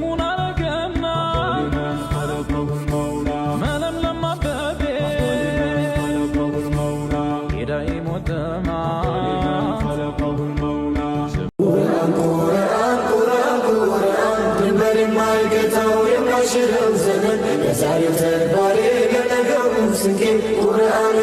ስሙን አረገና መለምለም አበቤ የዳኢም ወጥማ ድንበር ዘመን የዛሬው ተግባሬ ለነገው ስንቄ ቁርአን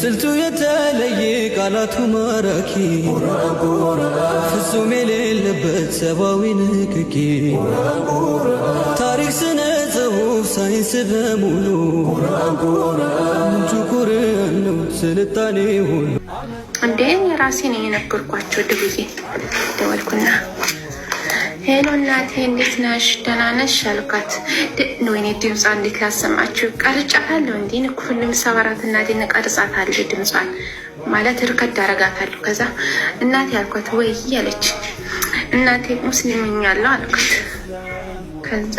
ስልቱ የተለየ ቃላቱ ማራኪ ፍጹም የሌለበት ሰብአዊ ንክኪ ታሪክ፣ ስነ ጽሁፍ፣ ሳይንስ በሙሉ ምንጩ ቁርአን ስልጣኔ ሁሉ። እንዴ ራሴን የነገርኳቸው ድብዬ ደወልኩና ሄሎ እናቴ እንዴት ነሽ? ደህና ነሽ አልኳት። ወይኔ ድምጿ እንዴት ላሰማችሁ? ቀርጫታለሁ። እንዲህን ሁሉም ሰባራት እናቴን ቀርጻታለሁ። ድምጿን ማለት እርከድ አረጋታለሁ። ከዛ እናቴ አልኳት። ወይ እያለች እናቴ ሙስሊምኛለሁ አልኳት። ከዛ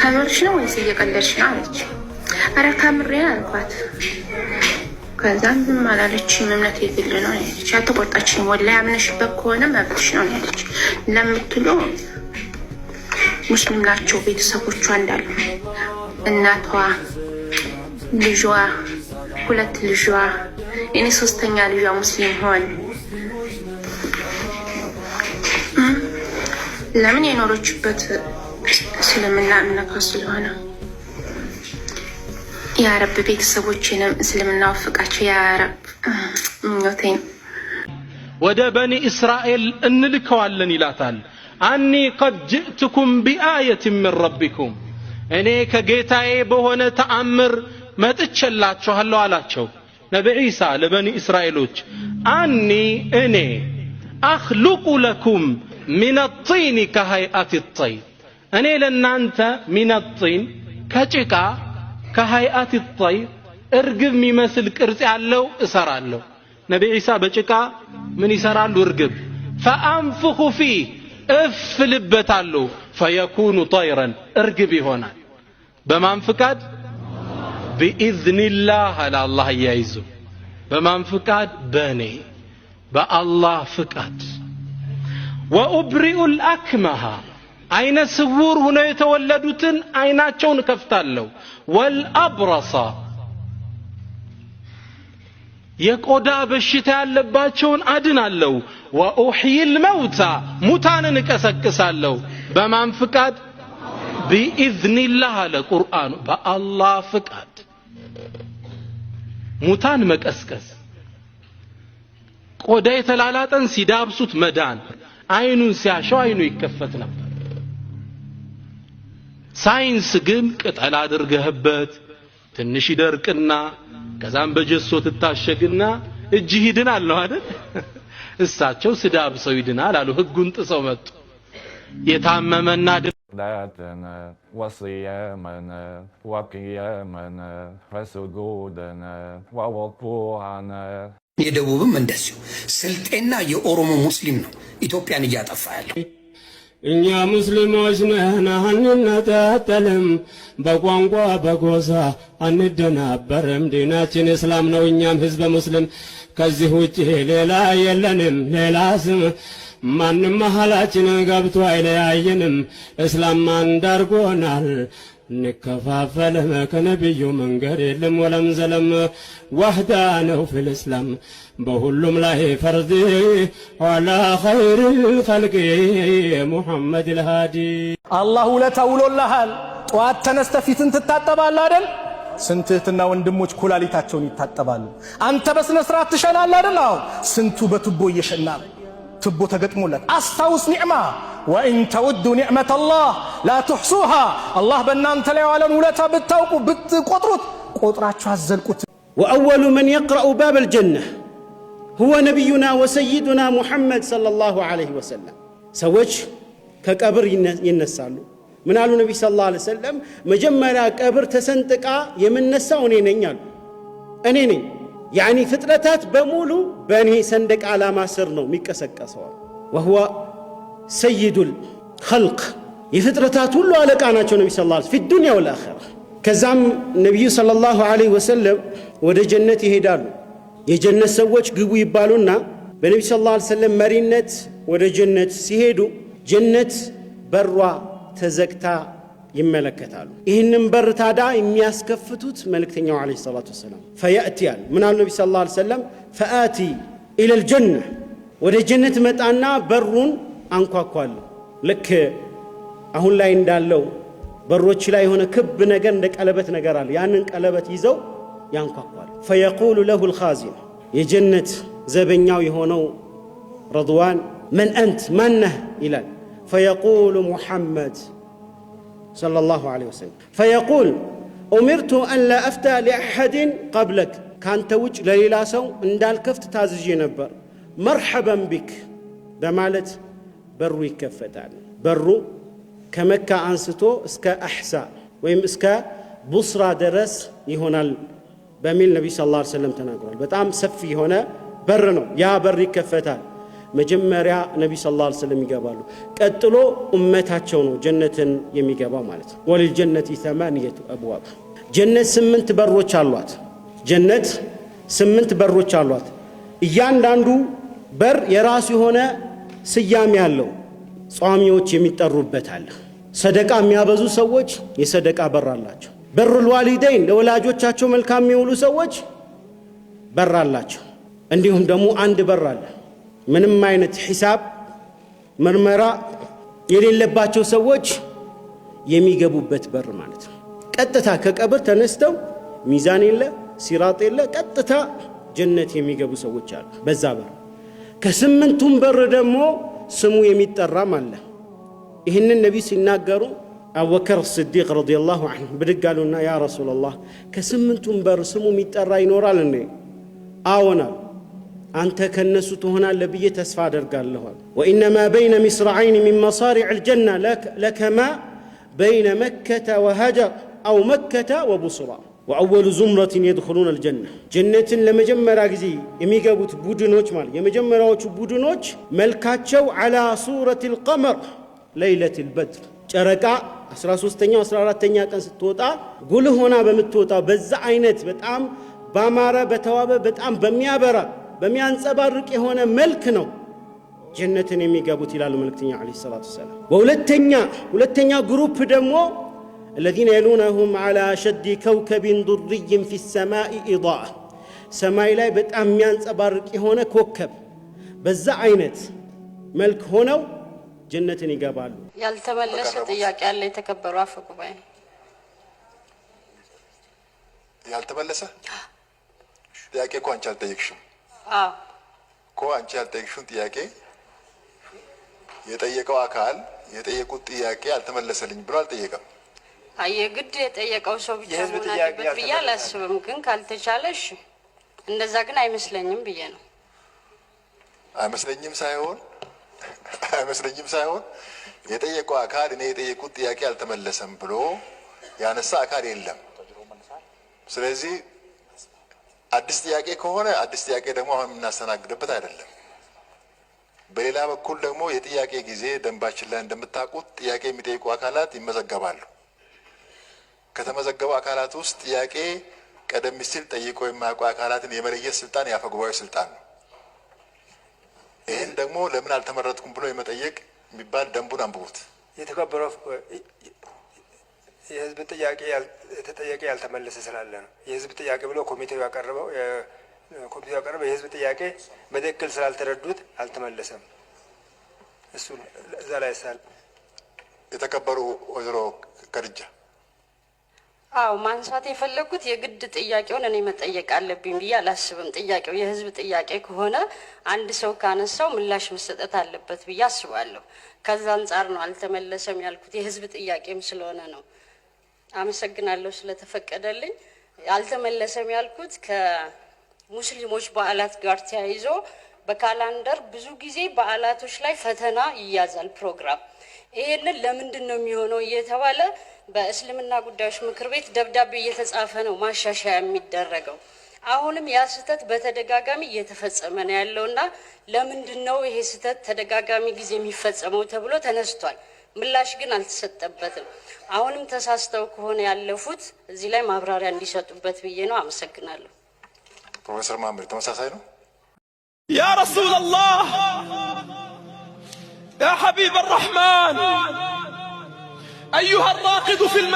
ከምርሽ ነው ወይስ እየቀለድሽ ነው አለች። አረ ከምሬን አልኳት። ከዛ ዝም አላለችም። እምነት የግል ነው ያለች፣ አልተቆጣችም። ወላሂ አምነሽበት ከሆነ መብትሽ ነው ያለች ለምትሉ ሙስሊም ናቸው ቤተሰቦቿ እንዳሉ እናቷ፣ ልጇ፣ ሁለት ልጇ፣ እኔ ሶስተኛ ልጇ ሙስሊም ሆን ለምን የኖረችበት እስልምና እምነቷ ስለሆነ የአረብ ቤተሰቦችንም እስልምና ወፍቃቸው የአረብ ምኞቴ ነው። ወደ በኒ እስራኤል እንልከዋለን ይላታል። አኒ ቀድ ጅእትኩም ቢአየት ምን ረቢኩም እኔ ከጌታዬ በሆነ ተአምር መጥቼላችኋለሁ አላቸው። ነቢ ዒሳ ለበኒ እስራኤሎች አኒ እኔ አኽሉቁ ለኩም ሚን ጢን ከሀይአት ጠይር እኔ ለእናንተ ሚን ጢን ከጭቃ كهيئات الطير ارقب ميمثل كرسي له اسار له نبي عيسى بشكا من اسار له ارقب فانفخ فيه اف لبت علو فيكون طيرا ارقب هنا بما انفكاد باذن الله على الله يعيزه بما انفكاد بني بالله فكاد وابرئ الاكمه عين سبور هنا يتولدتن أين تشون كفتالو والأبرصة يقودا بشتاء لباتشون أدنى اللو وأحيي الموتى متانا نكسكس اللو بما انفكاد بإذن الله لقرآن با الله فكاد متان مكسكس قودا يتلالاتن سيداب سوت مدان أين سياشو أين يكفتنا نبت ሳይንስ ግን ቅጠል አድርገህበት ትንሽ ይደርቅና ከዛም በጀሶ ትታሸግና እጅህ ይድናል ነው አይደል? እሳቸው ስዳብ ሰው ይድናል አሉ። ህጉን ጥሰው መጡ። የታመመና የደቡብም እንደዚሁ ስልጤና የኦሮሞ ሙስሊም ነው ኢትዮጵያን እያጠፋ ያለው። እኛ ሙስሊሞች ነህና አንነጣጠልም፣ በቋንቋ በጎሳ አንደናበርም። ዲናችን እስላም ነው፣ እኛም ህዝበ ሙስሊም ከዚህ ውጭ ሌላ የለንም። ሌላ ስም ማንም መሃላችን ገብቶ አይለያየንም። እስላም አንዳርጎናል። እንከፋፈልህ ከነቢዩ መንገድ የለም ወለም ዘለም ዋህዳ ነው ፊልእስላም በሁሉም ላይ ፈርድ ዋላ ኸይር ኸልቅ ሙሐመድ ልሃዲ አላህ ውለታ ውሎልሃል። ጠዋት ተነስተ ፊትን ትታጠባል አደል? ስንት ወንድሞች ኩላሊታቸውን ይታጠባሉ። አንተ በሥነ ሥርዓት ትሸናል አደል? አዎ ስንቱ በቱቦ እየሸናል ችቦ ተገጥሞለት አስታውስ ኒዕማ ወኢን ተውዱ ኒዕመተላህ አላህ ላ ትሕሱሃ አላህ በእናንተ ላይ የዋለን ውለታ ብታውቁ ብትቆጥሩት ቆጥራችሁ አዘልቁት ወአወሉ መን የቅረኡ ባብ አልጀነ ሁወ ነቢዩና ወሰይዱና ሙሐመድ ሰለላሁ ዐለይሂ ወሰለም ሰዎች ከቀብር ይነሳሉ ምን አሉ ነቢይ ሰለላሁ ዐለይሂ ወሰለም መጀመሪያ ቀብር ተሰንጥቃ የምነሳው እኔ ነኝ አሉ እኔ ነኝ ያኒ ፍጥረታት በሙሉ በእኔ ሰንደቅ ዓላማ ስር ነው የሚቀሰቀሰዋል። ወህወ ሰይዱል ኸልቅ የፍጥረታት ሁሉ አለቃ ናቸው። ነቢ ስለ ፊ ዱንያ ወልአኸራ። ከዛም ነቢዩ ሰለላሁ ዐለይሂ ወሰለም ወደ ጀነት ይሄዳሉ። የጀነት ሰዎች ግቡ ይባሉና በነቢ ስለ ላ ሰለም መሪነት ወደ ጀነት ሲሄዱ ጀነት በሯ ተዘግታ ይመለከታሉ። ይህንም በር ታዳ የሚያስከፍቱት መልእክተኛው ዓለይሂ ሰላቱ ወሰላም ፈየእቲ ያሉ ምናሉ ነቢ ሰለላሁ ዓለይሂ ወሰለም ፈአቲ ኢለል ጀና ወደ ጀነት መጣና በሩን አንኳኳለሁ። ልክ አሁን ላይ እንዳለው በሮች ላይ የሆነ ክብ ነገር እንደ ቀለበት ነገር አለ። ያንን ቀለበት ይዘው ያንኳኳል። ፈየቁሉ ለሁል ኻዚን የጀነት ዘበኛው የሆነው ረድዋን መን አንት ማነህ ይላል። ፈየቁሉ ሙሐመድ صلى الله عليه وسلم فيقول أمرت أن لا أفتى لأحد قبلك كان توج لليلا سو اندال كفت تازجي نبر مرحبا بك بمالت برو يكفتال برو كمكة أنستو اسكا أحسا ويم اسكا بصرى درس يهونال በሚል ነቢ ስ ላ ሰለም ተናግሯል። በጣም ሰፊ የሆነ በር ነው። ያ በር ይከፈታል። መጀመሪያ ነቢ ስ ላ ስለም ይገባሉ። ቀጥሎ እመታቸው ነው ጀነትን የሚገባ ማለት ነው። ወልልጀነቲ ሰማንየቱ አብዋብ ጀነት ስምንት በሮች አሏት። ጀነት ስምንት በሮች አሏት። እያንዳንዱ በር የራሱ የሆነ ስያሜ አለው። ጿሚዎች የሚጠሩበት አለ። ሰደቃ የሚያበዙ ሰዎች የሰደቃ በር አላቸው። በሩል ልዋሊደይን ለወላጆቻቸው መልካም የሚውሉ ሰዎች በር አላቸው። እንዲሁም ደግሞ አንድ በር አለ ምንም አይነት ሂሳብ ምርመራ የሌለባቸው ሰዎች የሚገቡበት በር ማለት ነው። ቀጥታ ከቀብር ተነስተው ሚዛን የለ ሲራጥ የለ ቀጥታ ጀነት የሚገቡ ሰዎች አሉ በዛ በር። ከስምንቱም በር ደግሞ ስሙ የሚጠራም አለ። ይህንን ነቢይ ሲናገሩ አቡበከር ስዲቅ ረዲየላሁ አንሁ ብድግ አሉና ያ ረሱላላህ ከስምንቱም በር ስሙ የሚጠራ ይኖራል እንዴ? አዎናል አንተ ከነሱ ትሆናለህ ብዬ ተስፋ አደርጋለኋል። ወኢነማ በይነ ሚስራዐይን ሚን መሳሪዕ ልጀና ለከማ በይነ መከተ ወሀጀር አው መከተ ወቡስራ ወአወሉ ዙምረትን የድኹሉን አልጀና ጀነትን ለመጀመሪያ ጊዜ የሚገቡት ቡድኖች ማለት የመጀመሪያዎቹ ቡድኖች መልካቸው ዓላ ሱረት ልቀመር ለይለት ልበድር ጨረቃ 13ተኛው 14ተኛ ቀን ስትወጣ ጉልህ ሆና በምትወጣው በዛ አይነት በጣም ባማረ በተዋበ በጣም በሚያበራ በሚያንጸባርቅ የሆነ መልክ ነው ጀነትን የሚገቡት ይላሉ መልክተኛ ዓለይሂ ሰላቱ ወሰላም። በሁለተኛ ሁለተኛ ግሩፕ ደግሞ الذين يلونهم على شد كوكب دري في السماء إضاءة ሰማይ ላይ በጣም የሚያንጸባርቅ የሆነ ኮከብ በዛ አይነት መልክ ሆነው ጀነትን ይገባሉ። ያልተመለሰ ጥያቄ አለ። የተከበሩ አፈ ጉባኤ ያልተመለሰ ጥያቄ እኮ አንቺ አልጠየቅሽም። እኮ አንቺ ያልጠየቅሽውን ጥያቄ የጠየቀው አካል የጠየቁት ጥያቄ አልተመለሰልኝ ብሎ አልጠየቀም። የግድ የጠየቀው ሰው ብቻ መሆን አለበት ብዬ አላስብም። ግን ካልተቻለሽ እንደዛ ግን አይመስለኝም ብዬ ነው። አይመስለኝም ሳይሆን አይመስለኝም ሳይሆን የጠየቀው አካል እኔ የጠየቁት ጥያቄ አልተመለሰም ብሎ ያነሳ አካል የለም። ስለዚህ አዲስ ጥያቄ ከሆነ አዲስ ጥያቄ ደግሞ አሁን የምናስተናግድበት አይደለም። በሌላ በኩል ደግሞ የጥያቄ ጊዜ ደንባችን ላይ እንደምታውቁት ጥያቄ የሚጠይቁ አካላት ይመዘገባሉ። ከተመዘገቡ አካላት ውስጥ ጥያቄ ቀደም ሲል ጠይቆ የማያውቁ አካላትን የመለየት ስልጣን የአፈ ስልጣን ነው። ይህን ደግሞ ለምን አልተመረጥኩም ብሎ የመጠየቅ የሚባል ደንቡን አንብቡት። የተከበረው የህዝብ ጥያቄ ተጠያቄ ያልተመለሰ ስላለ ነው። የህዝብ ጥያቄ ብሎ ኮሚቴው ያቀረበው ኮሚቴው ያቀረበው የህዝብ ጥያቄ በትክክል ስላልተረዱት አልተመለሰም። እሱን እዛ ላይ ሳል የተከበሩ ወይዘሮ ከድጃ አዎ ማንሳት የፈለጉት የግድ ጥያቄውን እኔ መጠየቅ አለብኝ ብዬ አላስብም። ጥያቄው የህዝብ ጥያቄ ከሆነ አንድ ሰው ካነሳው ምላሽ መሰጠት አለበት ብዬ አስባለሁ። ከዛ አንጻር ነው አልተመለሰም ያልኩት፣ የህዝብ ጥያቄም ስለሆነ ነው። አመሰግናለሁ ስለተፈቀደልኝ። አልተመለሰም ያልኩት ከሙስሊሞች በዓላት ጋር ተያይዞ በካላንደር ብዙ ጊዜ በዓላቶች ላይ ፈተና ይያዛል ፕሮግራም። ይሄንን ለምንድን ነው የሚሆነው እየተባለ በእስልምና ጉዳዮች ምክር ቤት ደብዳቤ እየተጻፈ ነው ማሻሻያ የሚደረገው። አሁንም ያ ስህተት በተደጋጋሚ እየተፈጸመ ነው ያለውና ለምንድን ነው ይሄ ስህተት ተደጋጋሚ ጊዜ የሚፈጸመው ተብሎ ተነስቷል። ምላሽ ግን አልተሰጠበትም። አሁንም ተሳስተው ከሆነ ያለፉት እዚህ ላይ ማብራሪያ እንዲሰጡበት ብዬ ነው። አመሰግናለሁ። ፕሮፌሰር ማምር ተመሳሳይ ነው። ያ ረሱላላህ ያ ሐቢብ አራሕማን አዩሃ ራቂዱ ፊል